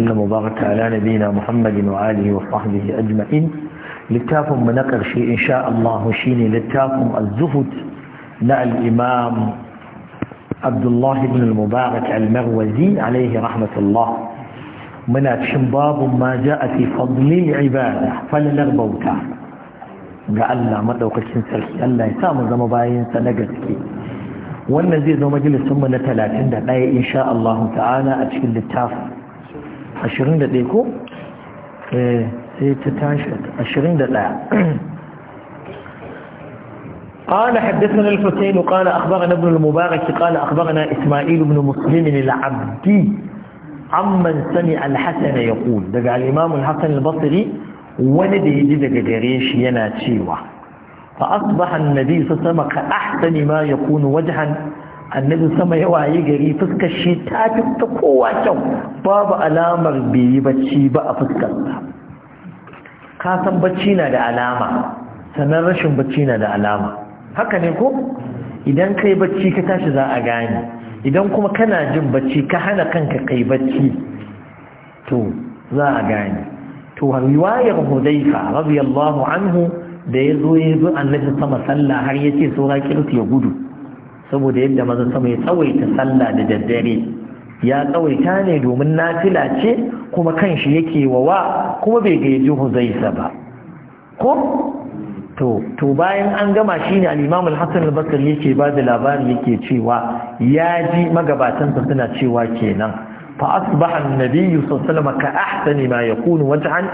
وسلم وبارك على نبينا محمد وآله وصحبه أجمعين لتافهم منقر شيء إن شاء الله شيني لتافهم الزهد نا الإمام عبد الله بن المبارك المروزي عليه رحمة الله من باب ما جاء في فضل العبادة فلنربوتا قال لا مدوك الشنسرحي الله يسام زمباين سنقذكي wannan zai zo majalisunmu na talatin da ɗaya insha Allah ta'ala ashirin da ɗaya ko? sai ta tashi ashirin da ɗaya قال حدثنا الحسين قال أخبرنا ابن المبارك قال أخبرنا إسماعيل بن مسلم العبدي عمن سمع الحسن يقول دقى الإمام الحسن البصري ولدي دقى قريش يناتشيوه فأصبح النبي صلى الله عليه وسلم كأحسن ما يكون وجها annabi sama ya waye gari fuskar shi ta fi ta kowa kyau babu alamar bai yi bacci ba a fuskar ka san bacci na da alama sannan rashin bacci na da alama haka ne ko idan kai bacci ka tashi za a gane idan kuma kana jin bacci ka hana kanka kai bacci to za a gane to riwayar hudaifa radiyallahu anhu da ya zo ya zo annabi sama sallah har yace saura kirti ya gudu saboda yadda maza sama ya tsawaita sallah da daddare ya tsawaita ne domin nafila ce kuma shi yake wawa kuma bai gaji huzaisa ba ko to to bayan an gama shine al-Imam al-Hasan al-Basri yake ba da labari yake cewa ya ji magabatansa suna cewa kenan fa asbaha an-nabiy sallallahu alaihi wasallam ka ahsani ma yakunu wajhan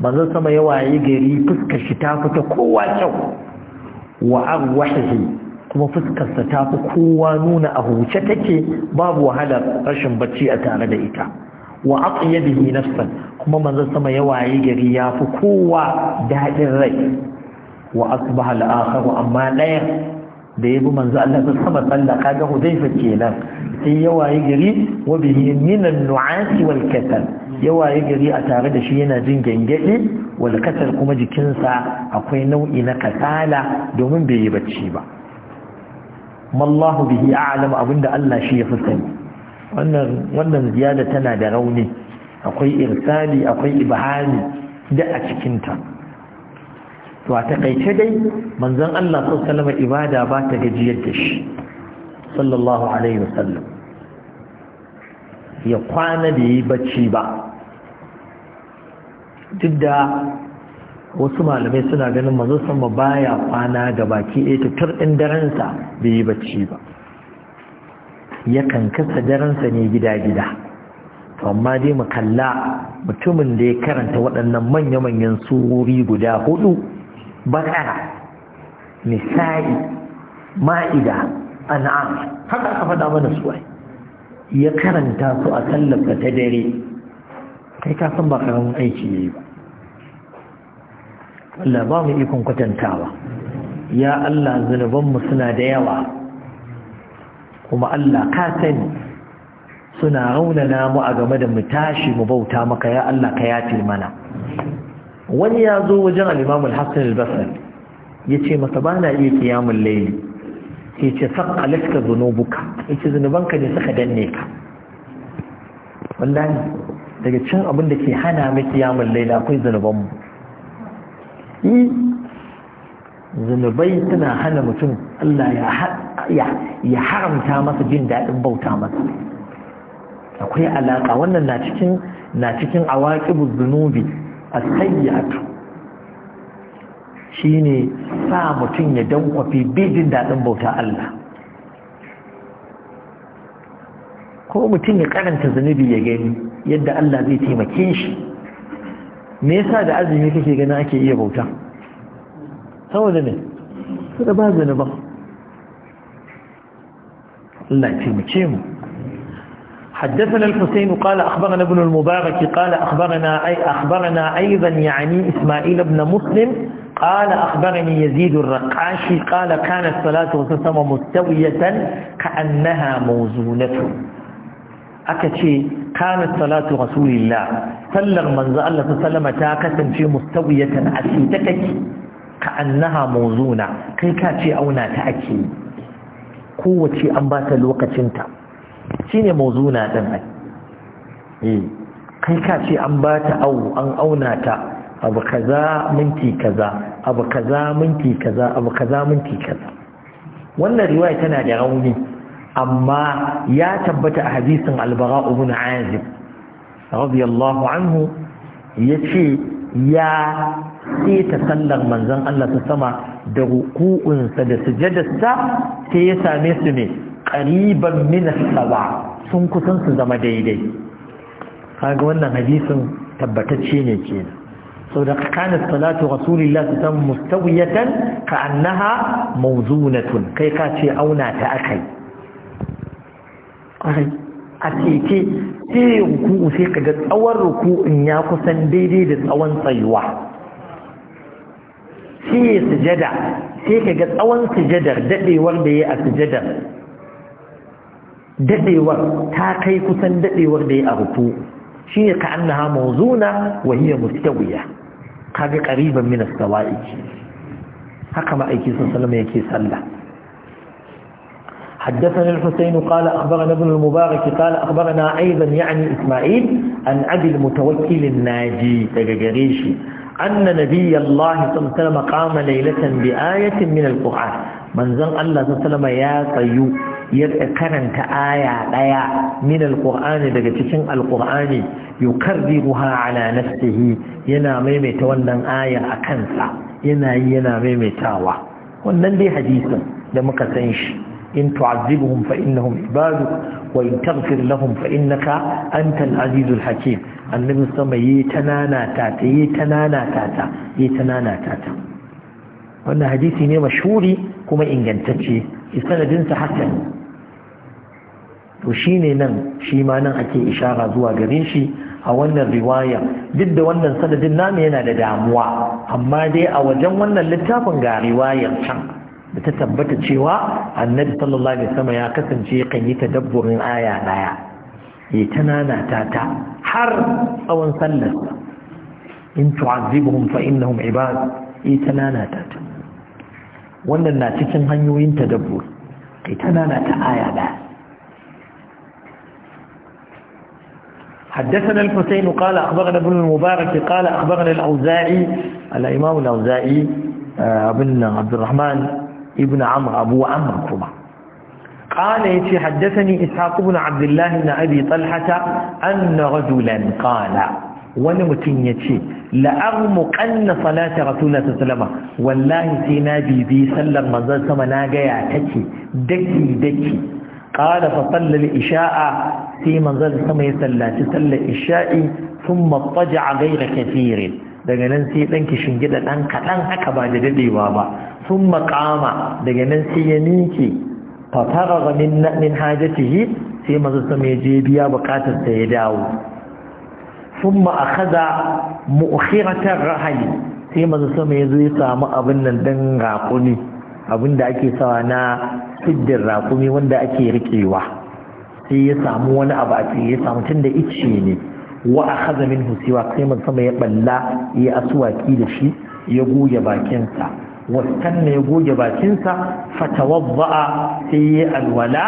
manzo sama yawa yi gari fuskar shi ta fita kowa kyau wa arwahihi kuma fuskarsa ta fi kowa nuna a huce take babu wahalar rashin bacci a tare da ita wa aqyadihi nafsan kuma manzon sama ya waye gari ya fi kowa dadin rai wa asbaha al-akhar amma daya da yabi manzo Allah ta sama tsallaka ga Hudayfa kenan sai ya waye gari wa bihi min an-nu'as wal ya waye gari a tare da shi yana jin gangade wal kuma jikinsa akwai nau'i na kasala domin bai yi bacci ba mallahu bihi a'lam abinda Allah shi ya fi sani wannan wannan ziyada tana da rauni akwai irsali akwai ibhani da a cikin ta to a takaice dai manzon Allah sallallahu alaihi ibada ba ta gajiyar da shi sallallahu alaihi wasallam ya kwana da yi bacci ba duk da wasu malamai suna ganin mazo sama baya kwana ga baki ɗaya tur ɗin darensa bai yi bacci ba yakan kasa darensa ne gida-gida amma dai mu kalla mutumin da ya karanta waɗannan manya-manyan surori guda hudu bakara nisa'i ma'ida an'am haka aka faɗa mana su ya karanta su a tallafa ta dare kai ka san ba karamin aiki ne ba Allah ba mu ikon kwatantawa ya Allah zunubanmu suna da yawa kuma Allah ka sani suna raunana mu a game da mu tashi mu bauta maka ya Allah ka yafe mana wani ya zo wajen al-Imam al-Hasan al-Basri yace masa bana iya kiyamul layli yace laka dhunubuka yace zunubanka ne suka danne ka wallahi daga cikin abin da ke hana mu kiyamul layli akwai zunubanmu yi zunubai suna hana mutum Allah ya haramta masa jin daɗin bauta masa akwai alaƙa wannan na cikin na cikin awaƙibu zunubi a sayyatu shi ne sa mutum ya dankwafi bejin daɗin bauta Allah ko mutum ya karanta zunubi ya gani yadda Allah zai taimake shi me yasa da azumi kake ganin ake iya bauta saboda ne saboda ba zane ba Allah ce mu ce mu حدثنا الحسين قال أخبرنا ابن المبارك قال أخبرنا أي أخبرنا أيضا يعني إسماعيل بن مسلم قال أخبرني يزيد الرقاشي قال كانت الصلاة وسلم مستوية كأنها موزونة أكتشي kanat salatu rasulillah sallar manzo Allah sallama ta kasance mustawiyatan asita take ka annaha mawzuna kai ka ce auna ta ake kowace an ba ta lokacinta shine mawzuna din ai eh kai ka ce an ba ta au an auna ta abu kaza minti kaza abu kaza minti kaza abu kaza minti kaza wannan riwaya tana da rauni amma ya tabbata a hadisin albara ibn azib radiyallahu anhu ya ce ya sita sallar manzon Allah ta sama da ruku'unsa da sujadarsa sai ya same su ne qariban min as sun kusan su zama daidai kaga wannan hadisin tabbatacce ne kenan saboda kana salatu rasulillah ta mustawiyatan ka'annaha annaha mawzunatun kai ka ce auna ta akai a teke sai ruku'u sai kaga tsawon ruku'un ya kusan daidai da tsawon tsayuwa sai ya sujada sai kaga tsawon sujadar dadewar da ya a sujadar dadewar ta kai kusan daɗewar da ya a ruku shi ne ka annaha mawzuna wa hiya mustawiya kaga qariban min as-sawa'i haka ma'aikin aiki sallama yake sallah حدثنا الحسين قال أخبرنا ابن المبارك قال أخبرنا أيضا يعني إسماعيل عن أبي المتوكل الناجي تجريشي أن نبي الله صلى الله عليه وسلم قام ليلة بآية من القرآن من زن الله صلى الله عليه وسلم يا طيو يذكرن آية آية من القرآن دقتشن القرآن يكررها على نفسه ينا ميمي تولن آية أكنسا ينا ينا ميمي تاوى ونن دي حديثا لما كتنشي إن تعذبهم فإنهم عبادك وإن تغفر لهم فإنك أنت العزيز الحكيم النبي صلى الله عليه وسلم يتنانا تاتا يتنانا تاتا يتنانا تاتا وأن حديثي نيما مشهوري كما إن جنتشي إستنى جنس حسن وشيني نن شيما نن أكي إشارة زوا قريشي a wannan riwaya duk da wannan sanadin namu yana da damuwa amma dai a wajen wannan littafin ga riwayar can da ta tabbata cewa annabi sallallahu alaihi wasallam ya kasance kan yi tadabburin aya daya ya tanana ta ta har tsawon sallar in tu'azibuhum fa innahum ibad ya tanana ta ta wannan na cikin hanyoyin tadabbur ya tanana ta aya daya حدثنا الحسين قال أخبرنا ابن المبارك قال أخبرنا الأوزاعي الإمام الأوزاعي ابن عبد الرحمن ibn amr abu amr kuma qala yace haddathani ishaq ibn abdullah ibn abi talhata anna rajulan qala wani mutun yace la'armu aghmu qanna salata rasulullah sallama wallahi sai na bi sallar manzon sama na gaya ya take daki daki qala fa salla isha'a sai manzon sama ya sallaci sallar isha'i thumma taja'a ghayra kafirin. daga nan sai ɗan kishin gida ɗan kaɗan haka ba da daɗewa ba sun makama daga nan sai ya miƙe fatara min min yi sai mazu sama ya je biya bukatar ta ya dawo sun ma'akaza mu'akhiratar rahali sai mazu sama ya zo ya samu abin nan dan raƙuni abin da ake sawa na siddin raƙumi wanda ake riƙewa sai ya samu wani abu a ya samu tun da ice ne wa akhadha minhu siwa sai man sama ya balla ya aswaki da shi ya goge bakinsa wastanna ya goge bakinsa fatawadda'a sai ya alwala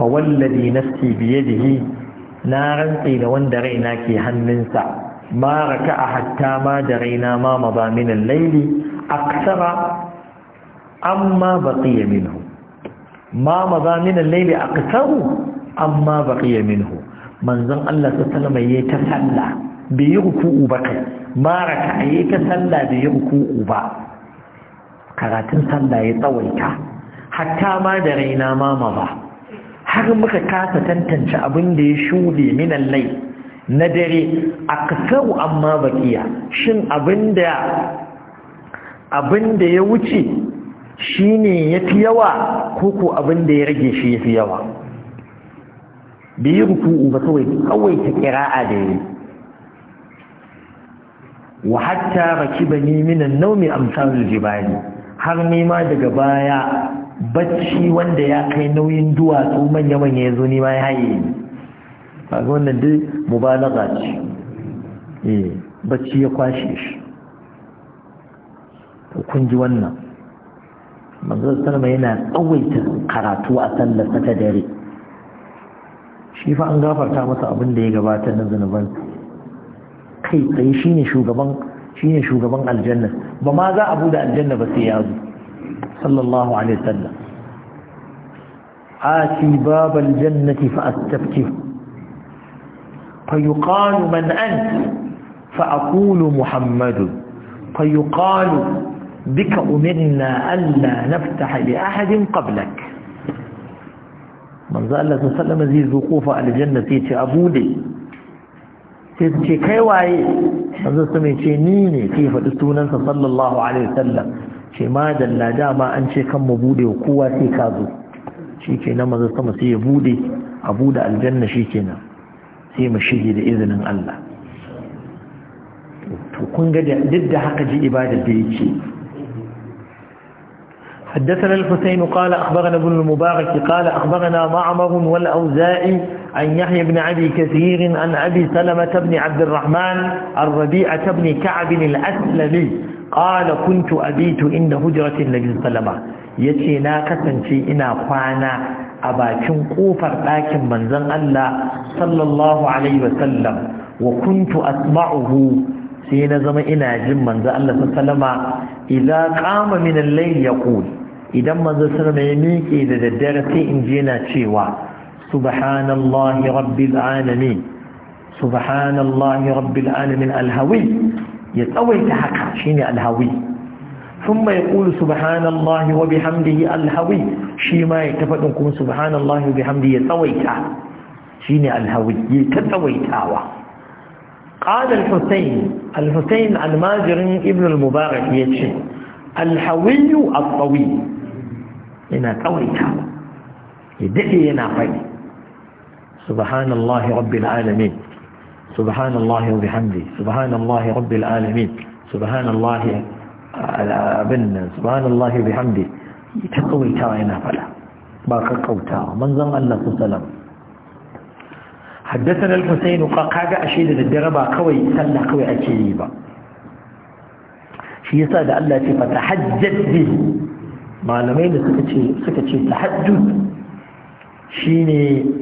fa wallazi nafsi bi yadihi na rantsi da wanda raina ke hannunsa ma a hatta ma da raina ma maza min aksara amma baqiya minhu ma maza laili aksaru amma baqiya minhu manzon Allah ta sallama ya ta salla bai yi ruku'u ba kai mara ka ya ta sallah bai yi ruku'u ba karatun sallah ya tsawaita hatta ma da raina mama ba har muka kasa tantance abin da ya shuɗe minan lai na dare a amma bakiya shin abin da abin da ya wuce shine yafi yawa ko ko abin da ya rage shi yafi yawa bai yi ruku'u ba kawai kawai ta kira'a da yi wa hatta raki bani minan naumi amsalul jibali har ma daga baya bacci wanda ya kai nauyin duwatsu manya manya yazo ma ya haye ni ga wannan dai mubalaga ce eh bacci ya kwashe shi kun ji wannan manzo sallama yana tsawaita karatu a sallar ta dare shi fa an gafarta masa abin da ya gabata na zunuban kai tsaye shi ne shugaban shi ne shugaban aljanna ba ma za a bude aljanna ba sai ya zo sallallahu alaihi wasallam bab fa آتي باب الجنة فأستفتح فيقال من أنت فأقول محمد فيقال بك أمرنا ألا li ahadin قبلك manzo Allah sallallahu alaihi zai zo kofa aljanna sai ce abu dai sai ce kai waye manzo sai ce ni ne sai faɗi sunansa sallallahu alaihi wasallam ce ma dalla dama an ce kan mu bude kowa sai ka zo shikenan manzo sama sai ya bude a bude aljanna shikenan sai mu shige da izinin Allah to kun ga duk da haka ji ibada da yake حدثنا الحسين قال أخبرنا ابن المبارك قال أخبرنا معمر والأوزاء عن يحيى بن عبي كثير عن أبي سلمة بن عبد الرحمن الربيعة بن كعب الأسلمي قال كنت أبيت إن هجرة النبي صلى الله عليه وسلم yace na kasance ina kwana a bakin kofar ɗakin manzon Allah sallallahu alaihi wasallam wa kuntu asma'uhu sai na zama ina jin manzon Allah sallallahu alaihi wasallama idza qama min al-layl yaqul idan manzo sallama ya miƙe da daddare sai in ji na cewa subhanallahi rabbil alamin subhanallahi rabbil alamin alhawi ya tsawaita haka shine alhawi ثم يقول سبحان الله وبحمده الهوي شي ما يتفقنكم سبحان الله وبحمده يتويتا شيني الهوي يتويتاوا قال الحسين الحسين الماجر ابن المبارك يتشي الحوي الطويل yana tsawaita ya daɗe yana faɗi subhanallahi rabbil alamin subhanallahi wa bihamdi subhanallahi rabbil alamin subhanallahi abin nan subhanallahi wa bihamdi ta tsawaitawa yana faɗa ba ka kauta manzon Allah sallallahu alaihi wasallam حدثنا الحسين قال كاجا da daddare ba kawai sallah kawai ake yi ba shi yasa da Allah ya ce fatahajjat bihi malamai da suka ce suka ce tahajjud shine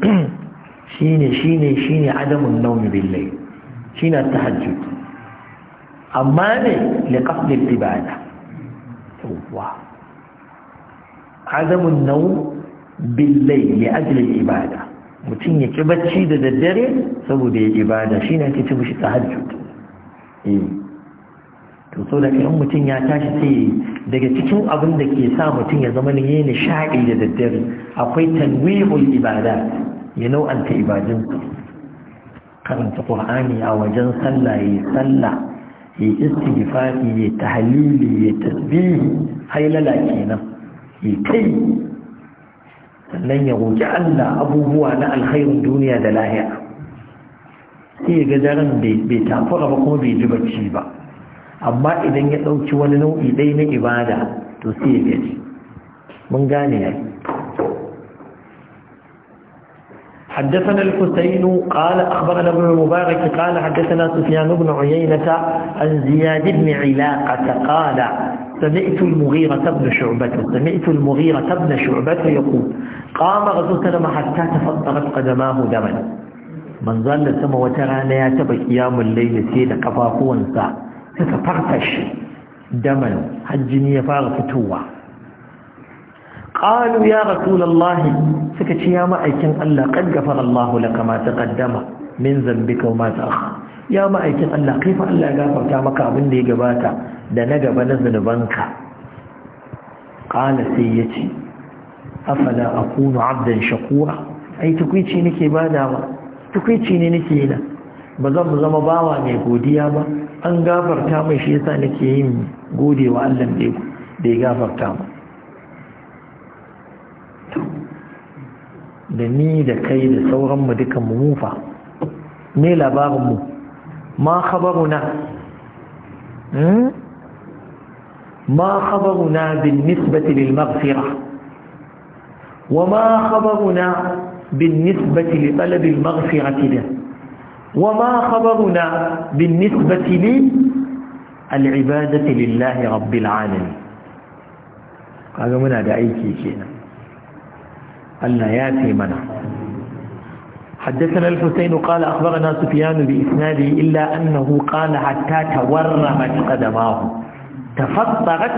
shine shine shine adamun nawmi billahi shine tahajjud amma ne li al-ibada wa adamun nawm billahi li ajli al-ibada mutum ya ki bacci da daddare saboda ya ibada shine ake ce mishi tahajjud eh to so da in mutum ya tashi sai daga cikin abin da ke sa mutum ya zama ne nishaɗi da daddare akwai tanwihul ibada ya nau'anta ibadun karanta qur'ani a wajen sallah ya sallah ya istighfari ya tahlili ya tasbihi hailala kenan ya kai sannan ya roki Allah abubuwa na alkhairin duniya da lahiya. sai ya ga daren bai tafura ba kuma bai ji bacci ba amma idan ya dauki wani nau'i dai na ibada to sai ya gaji mun gane ya حدثنا الحسين قال أخبرنا ابن المبارك قال حدثنا سفيان بن عيينة عن زياد بن علاقة قال سمعت المغيرة بن شعبة سمعت المغيرة بن شعبة يقول قام رسول سلم حتى تفطرت قدماه دما من ظل سما وترانا يا قيام الليل سيد قفاقون سعد suka farfashe daman hajjini ya fara fitowa qalu ya rasulullahi suka ce ya ma'aikin Allah qad ghafara Allah laka ma taqaddama min zambika wa ma ta'akhkhara ya ma'aikin Allah kaifa Allah ya gafarta maka abin da ya gabata da na gaba na zanubanka qala sai yace afala akunu abdan shakura ai tukuici nake badawa tukuici ne nake ba zan mu zama bawa mai godiya ba an gafarta mai shi yasa nake yin gode wa Allah da ya gafarta mu da ni da kai da sauran mu dukan mu mufa me labarin mu ma khabaruna ما خبرنا بالنسبة للمغفرة وما خبرنا بالنسبة لطلب المغفرة له وما خبرنا بالنسبة للعبادة لله رب العالمين قالوا منا دا أيكي كينا قالنا ياتي منا حدثنا الحسين قال أخبرنا سفيان بإسناده إلا أنه قال حتى تورمت قدماه تفطرت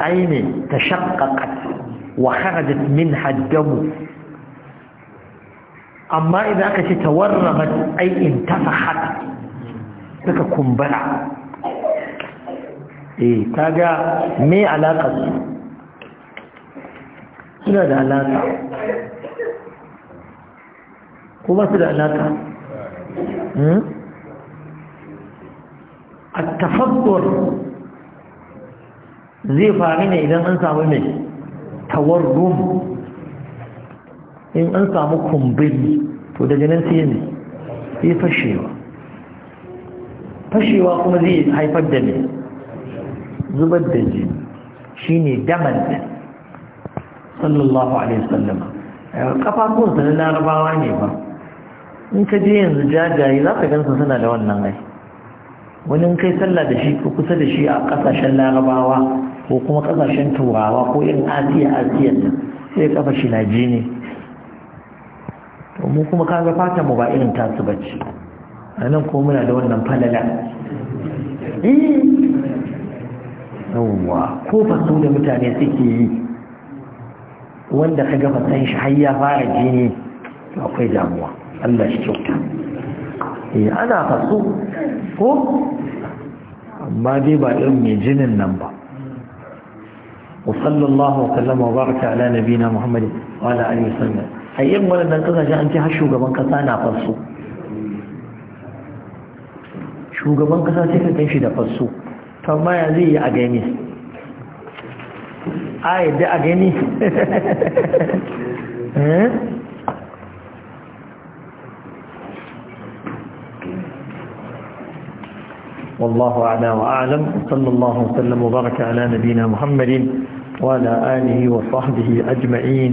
عيني تشققت وخرجت منها الدم amma idan aka ce tawarrabat ai in tafahat suka kumbara eh kaga me alaka suna da alaka kuma ba su da alaka hmm? a tafakkur zai faru ne idan an samu mai tawarrum in an samu kumbiri to daga nan sai ne sai fashewa fashewa kuma zai haifar da ne zubar da shi shine damar da sallallahu alaihi sallama. kafafunsa eh, na larabawa ne ba in ka je yanzu jajaye za ka gansa suna da wannan ai wani in kai sallah da shi ko kusa da shi a kasashen larabawa ko kuma kasashen turawa ko irin asiya asiya sai kafa shi na jini mu kuma kaga fata mu ba irin tasu bace anan ko muna da wannan falala eh yawwa ko fasu da mutane suke yi wanda ka ga fasan shi har ya fara jini akwai damuwa Allah shi kyauta eh ana fasu ko amma dai ba irin mai jinin nan ba وصلى الله وسلم وبارك على نبينا محمد وعلى اله وسلم a yin waɗannan kasashe an ce har shugaban kasa na farso shugaban kasa sai ka gan shi da faso ta maya zai yi a gani a yadda a gani والله أعلى وأعلم صلى الله وسلم وبارك على نبينا محمد وعلى آله وصحبه أجمعين